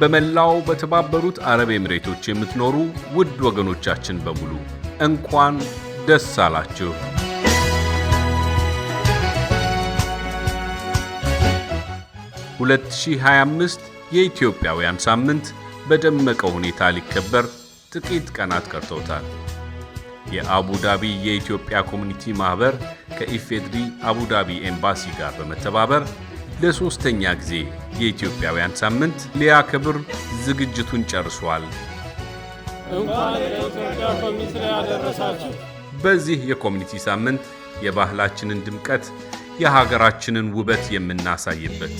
በመላው በተባበሩት አረብ ኤምሬቶች የምትኖሩ ውድ ወገኖቻችን በሙሉ እንኳን ደስ አላችሁ። ሁለት ሺህ ሃያ አምስት የኢትዮጵያውያን ሳምንት በደመቀ ሁኔታ ሊከበር ጥቂት ቀናት ቀርተውታል። የአቡዳቢ የኢትዮጵያ ኮሚኒቲ ማኅበር ከኢፌድሪ አቡዳቢ ኤምባሲ ጋር በመተባበር ለሦስተኛ ጊዜ የኢትዮጵያውያን ሳምንት ሊያከብር ዝግጅቱን ጨርሷል። በዚህ የኮሚኒቲ ሳምንት የባህላችንን ድምቀት፣ የሀገራችንን ውበት የምናሳይበት፣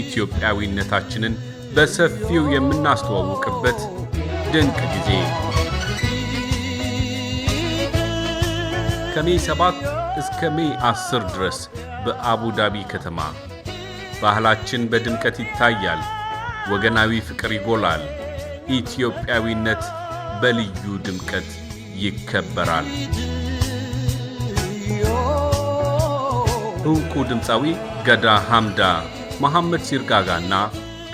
ኢትዮጵያዊነታችንን በሰፊው የምናስተዋውቅበት ድንቅ ጊዜ ከሜ 7 እስከ ሜ 10 ድረስ በአቡዳቢ ከተማ ባህላችን በድምቀት ይታያል። ወገናዊ ፍቅር ይጎላል። ኢትዮጵያዊነት በልዩ ድምቀት ይከበራል። እውቁ ድምፃዊ ገዳ ሐምዳ መሐመድ ሲርጋጋና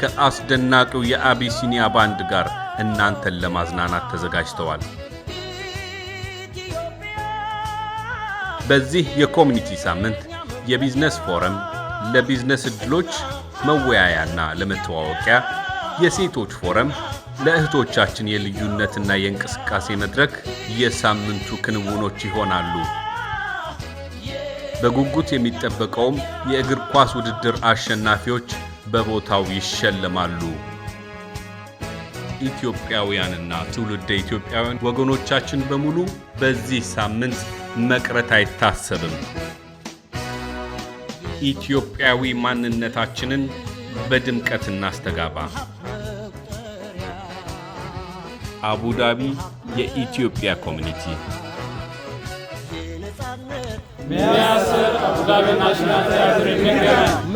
ከአስደናቂው የአቢሲኒያ ባንድ ጋር እናንተን ለማዝናናት ተዘጋጅተዋል። በዚህ የኮሚኒቲ ሳምንት የቢዝነስ ፎረም ለቢዝነስ ዕድሎች መወያያና ለመተዋወቂያ የሴቶች ፎረም ለእህቶቻችን የልዩነትና የእንቅስቃሴ መድረክ የሳምንቱ ክንውኖች ይሆናሉ። በጉጉት የሚጠበቀውም የእግር ኳስ ውድድር አሸናፊዎች በቦታው ይሸለማሉ። ኢትዮጵያውያንና ትውልደ ኢትዮጵያውያን ወገኖቻችን በሙሉ በዚህ ሳምንት መቅረት አይታሰብም። ኢትዮጵያዊ ማንነታችንን በድምቀት እናስተጋባ። አቡዳቢ የኢትዮጵያ ኮሚኒቲ ሚያስር አቡዳቢ ናሽናል ቲያትር